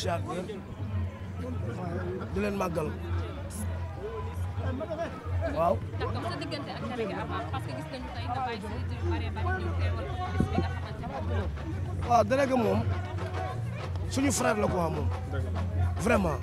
siyaar leen di leen màggal waaw. d'accord moom suñu frère la quoi moom vraiment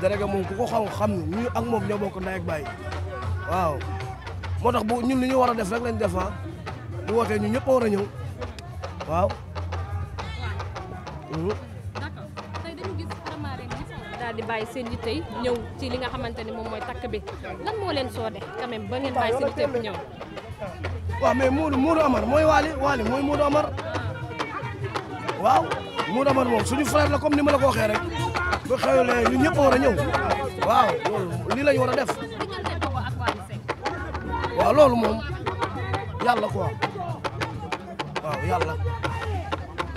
délégué moom ku ko xam xam ni ñu ak moom ñoo bokk ndey ak baay waaw moo tax bu ñun li ñu war a def rek lañ def ah bu ñu ñëpp a war a ñëw waaw. Mhm. daal di bàyyi seen yitte yi ñëw ci li nga xamante ni moom mooy takk bi lan moo leen soodee quand même ba ngeen bàyyi seen yitte bi ñëw. waaw mais Moodu mooy Waly Waly mooy Moodu Amar waaw moom suñu frère la ni ma la ko waxee rek ba xewlee ñun ñëpp a ñëw waaw loolu lii lañ war a def waaw loolu moom yàlla quoi waaw yàlla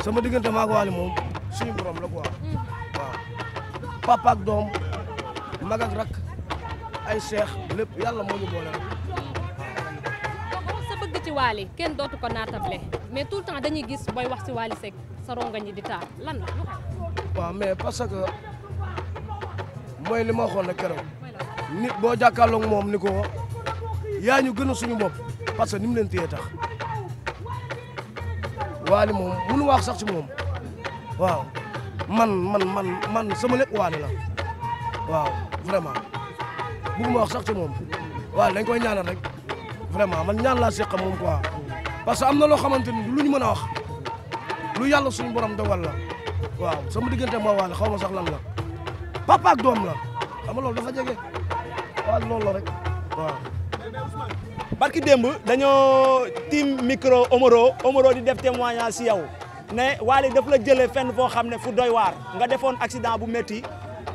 sama diggante maag Waly moom suñu borom la quoi. papa ak doom mag ak ay cheikh lépp yàlla moo ñu boole rek. sa bëgg ci kenn dootu ko naatable mais tout le dañuy gis booy wax ci Wally Seck sa ronga ñi di taal lan mais parce que mooy li ma waxoon rek keroog boo jàkkaarloog moom ni ko yaa ñu gën suñu bopp parce que ni mu leen téye tax Wally moom mënu wax sax ci moom waaw. man man man man sama lépp la waaw vraiment bëgguma wax sax ci moom waaw dañ koy ñaanal rek vraiment man ñaan laa seqam moom quoi parce que am na loo xamante ni lu ñu mën a wax lu yàlla suñu borom dogal la waaw sama diggante moo waane xaw ma sax lan la papa doom la xam nga loolu dafa jege waaw loolu la rek waaw. barki démb dañoo tiim micro Omaro Omaro di def témoignage si yow. ne Wally daf la jëlee fenn foo xam ne fu doy waar nga defoon accident bu métti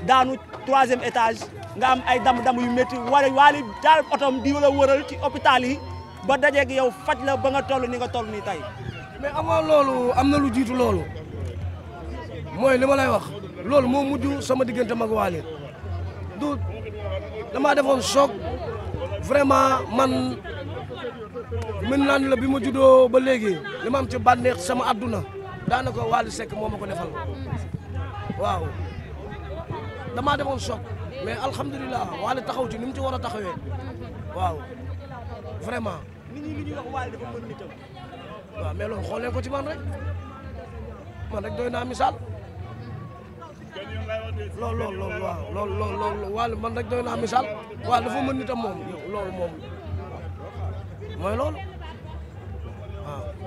daanu troisième étage nga am ay dam damb yu métti war Wally daal otom di la wëral ci hôpital yi ba dajeeg yow faj la ba nga toll ni nga toll nii tey. mais avant loolu am na lu jiit loolu mooy li ma lay wax loolu moo mujj sama diggante mag waali du damaa defoon choc vraiment man mën naa ni la bi ma juddoo ba léegi li ma am ci bànneex sama àdduna daanaka Wally Seck moo ma ko defal waaw damaa demoon choc mais alhamdulilah Wally taxaw ci ni mu ci war a taxawee waaw vraiment. nit ñi li ñuy wax Wally dafa mën mais loolu xoolee ko ci man rek man rek doy naa misaal. lool lool lool waaw lool lool lool man rek doy naa misaal waaw dafa mën nitam moom loolu moom mooy loolu.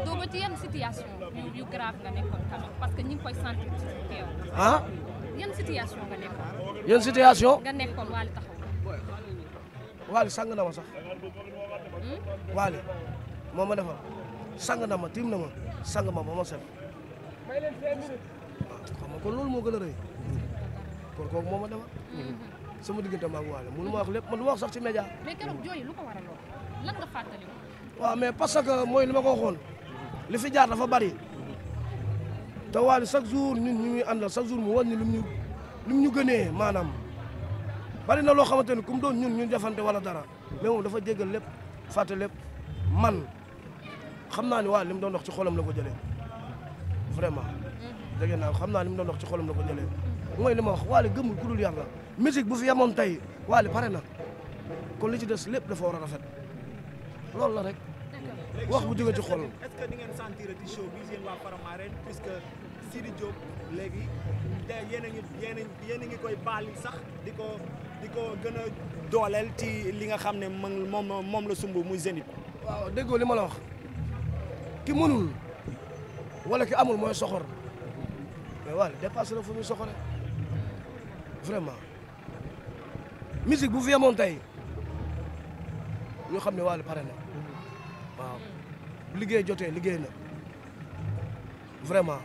doo ba ci yan situation yu yu grave nga nekkoon tamit parce que ñu ngi koy sentir ci ah. yan situation nga nekkoon. yan situation. nga nekkoon taxaw. Wally sang na ma sax. Hmm? Wally moo ma defal sang na ma tiim na ma sang ma ba ma set. Ah, kon loolu moo gën a rëy. kon moo ma defal. Hmm. sama diggante ma ak Wally mënu ma wax lépp man du ma wax sax ci média. mais keroog jooy lu ko waraloon lan nga fàttali ko. waaw mais parce que mooy li ma ko waxoon. li fi jaar dafa bari te Wally chaque jour ñun ñu muy àndal chaque jour mu wan ni lu mu ñu lu ñu gënee maanaam bari na loo xamante ni ku doon ñun ñun defante wala dara mais moom dafa jéggal lépp fàtte lépp man xam naa ni waa li mu doon dox ci xolam la ko jëlee vraiment dégg naa xam naa li mu doon dox ci xolam la ko jëlee mooy li ma wax Wally gëmul ku dul yàlla musique bu fi yemoon tey Wally pare na kon li ci des lépp dafa war a rafet loolu la rek wax bu jóge ci xol. est-ce que di ngeen sentir ci show bi yéen waa Faramaren puisque Sidi Diop léegi yéen a ngi yéen a ngi koy baal sax di ko di ko gën a dooleel ci li nga xam ne moom moom la sumb muy Zénith. waaw déggoo li ma la wax ki mënul wala ki amul mooy soxor mais waaye dépassé na fu muy soxore vraiment musique bu fi yemoon tey ñu xam ne wàllu pare na. waaw bu jotee liggéey na vraiment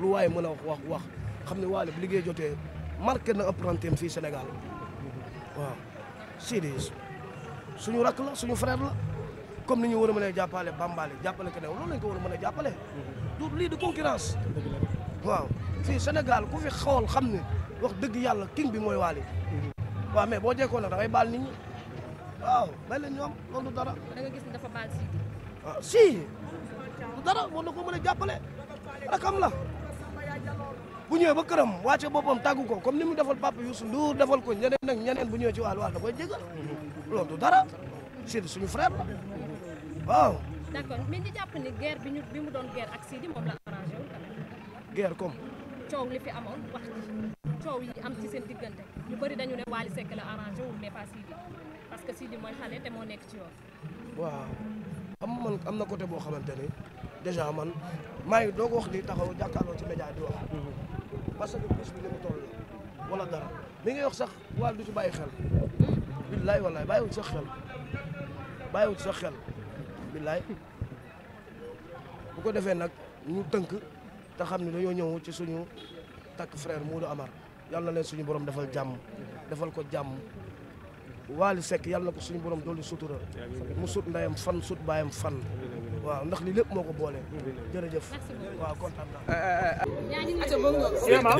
lu waaye mën a wax wax xam ne Wally bu liggéey jotee marqué na apprentim fii senegal waaw Sidi suñu rakk la suñu frère la comme ni ñu war a mën a jàppale bambale jàppale keneen loolu lañ ko war a mën a jàppale du lii di concurrence waaw fii Sénégal ku fi xool xam ne wax dëgg yàlla king bi mooy Wally waaw mais boo jekkoon nag da ngay baal nit ñi waaw bay la ñoom loolu dara Ah, si dara war na ko mën a jàppale rakam la bu ñëwee ba këram wàcce boppam tàggu ko comme ni mu defal papa Youssou Ndour defal ko ñeneen nag ñeneen bu ñëwee ci wàllu wàll da koy jégal loolu du dara Sidi suñu frère la waaw. d'accord mais ñu jàpp ni geer bi ñu bi mu doon geer ak Sidi moom la arrangé wul tamit. guerre coow li fi amoon wax coow yi am ci seen diggante ñu bari dañu ne Wally Seck la arrangé wul mais pas parce que Sidi mooy xale te moo nekk ci yoon. am na côté boo xamante ni déjà man maa ngi doog wax di taxaw jàkkaarloo ci média di wax. parce que bés bi ni mu toll la wala dara mi ngi wax sax bàyyi xel. billaay wallaay bàyyiwul sax xel bàyyiwul sax xel ko defee nag ñu tënk te xam ne dañoo ñëw ci suñu takk frère Modou Amar yàlla na leen suñu borom defal jàmm defal ko jàmm. Waly Seck yàlla na ko suñu borom doolu sutura mu sut ndayam fan sut baayam fan waaw ndax lii lépp moo ko boole jërëjëf waaw kontaan naa maa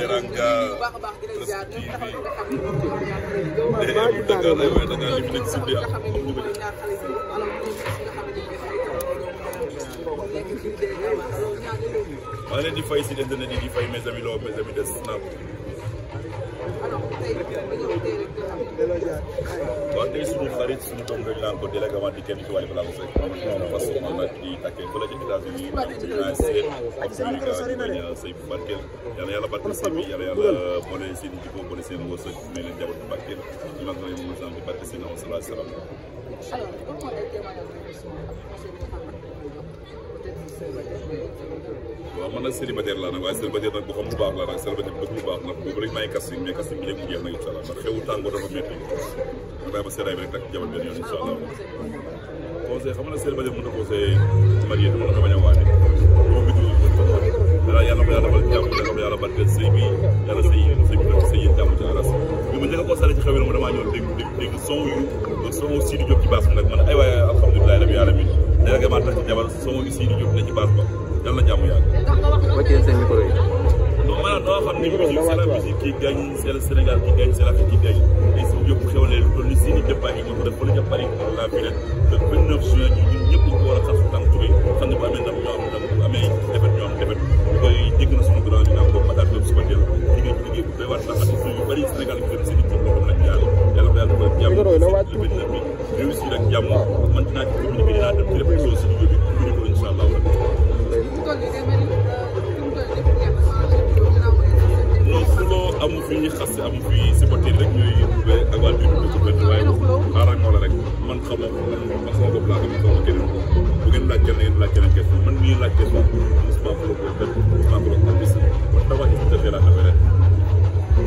leen di di fay mes amis loo des naa waaw tey suñu xarit suñu doom rek laa ko délégué di kenn ci parce que moom nag yi dinaa seet ak suñu gars yi sëy bu barkeel yàlla yàlla barkeel sëy bi yàlla yàlla bone seen jikko bone seen wërsëg may leen jabar bu barkeel ñu mag nañ waaw man nag célibataire laa nag waaye célibataire nag bu xam lu baax laa nag célibataire bëgg lu baax nag boobu rek maa ngi casting mais casting bi léegi mu jeex nag incha allah ndax xewu tàngoo dafa métti ma bàyyi ma seeraay bi rek tak jabar benn yoon incha allah conseil xam nga nag célibataire mën na conseil marié mën na ko bañ a waane moom bi tuuti dara yàlla ko yàlla defal jàmm yàlla ko yàlla barkeel sëy bi yàlla sëy sëy bi nag sëy yéen jàmm ci aras bi ma njëkk a constaté ci xew yi nag damaa ñëw dégg dégg son yu son aussi di jóg ci baax nag man ay waaye alhamdulilah rabbi alamin na ci jabar sama wis yi di jóg na ci baax ba yàlla na jàmm yàgg. wàccee seen micro yi. donc maanaam doo xam ne musique c'est la musique qui gagne c'est le Sénégal qui gagne c'est l'Afrique qui gagne et suñu yëpp xewlee lu toll ni seen i départ yi ñu ko def ba la ca Paris la Villette le 29 juin ñu ñun ñëpp ñu ko war a sax tànk tuuti xam ne bu amee ndam ñoo am ndam bu amee defet ñoo am defet ñu koy dégg na suñu grand bi naan ko rek man xaw ma man sama bopp laa gëm xaw ma keneen bu ngeen laaj kenn ngeen laaj keneen question man mii laaj question musuma ko ko def musuma ko ko bis wax dama ci te la affaire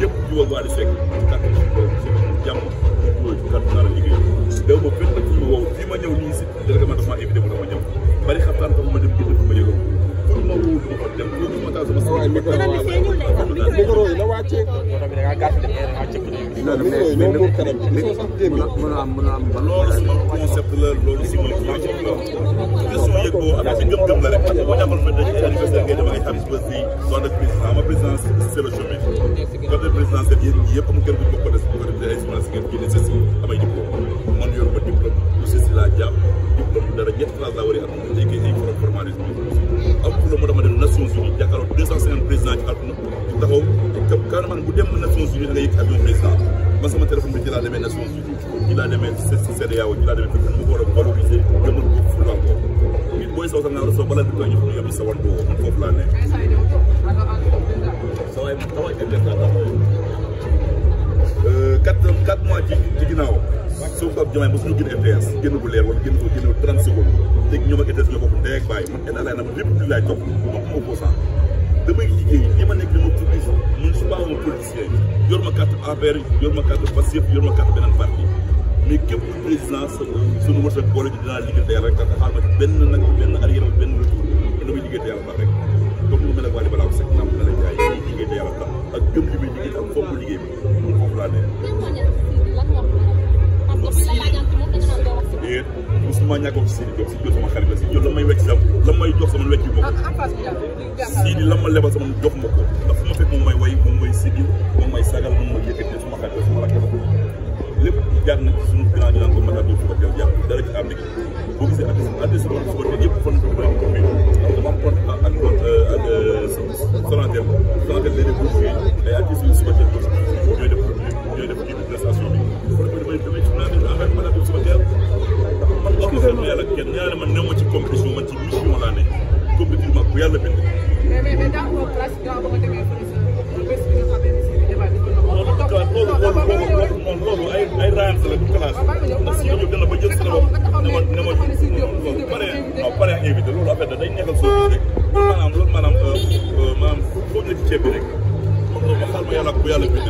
yëpp ci wàllu Wally Seck ci kàttan ci jàmm ci kàttan naa la liggéey daw ma fekk nag ma wow fii ma ñëw nii si délégué ma dafa évité ma dama ñëw bari xataan tax ma dem jënd ma yëgoo pour ma wóor ma fa dem loolu ma taal sama micro yi la wàccee. non mais mais mënoo am mënoo am. loolu concept la loolu si mënoo ci loolu. question yëg boo ak ci gëm-gëm la rek parce que boo jàppoon ma dañ anniversaire ngay dem ay xam ba si son président ma présidence c'est le chemin. côté présidentiel yéen ñi yëpp amul kenn bu ñu ko des bu ko defee ay semence ngeen man sama téléphone bi ci laa demee Nations Unies ci laa demee CEDEAO ci laa demee fépp mu war a valoriser gëmal ko ful encore nit booy saw sax nga war a soo balaa bi tooy ñëpp ñu yem sa wan boobu man foofu laa ne sa waay sa waay ëllëg laa taxaw euh, quatre quatre mois ci ci ginnaaw soo ko ab jamaay mosuñu génn RTS génn bu leer wala génn ko génn 30 secondes léegi ñoom ak RTS ñoo bokk ndey ak bàyyi man El Hadj Alane lépp di laaj topp bokkuma opposant damay liggéey li ma nekk dama public man su baaxuma politicien yor ma carte APR yor ma carte Pastef yor ma carte beneen parti mais képp ku président sa sunu wërsëg liggéey rek parce xaaral ma benn nag benn arrière benn retour te damay liggéey te yàlla tax rek comme ni ma mel ak Waly Ballago Seck naam na la jaay liggéey te yàlla tax ak gëm li muy liggéey ak foog bi moom foofu laa ne. déet mosuma ñàkk a si si jot sama xarit la si jot la may wecc la may jox sama wecc ma ko Sidi la ma lebal sama jox ma ko ndax fu ma fekk moom may way moom may Sidi moom may sagal moom mooy yëkkati sama xarit lépp jaar na suñu grand ñu ko mën a dugg ko jàpp dara ci am ni boo gisee at at suba suba yëpp fan ko éviter loolu affaire da day neexal soo rek maanaam loolu maanaam euh, euh,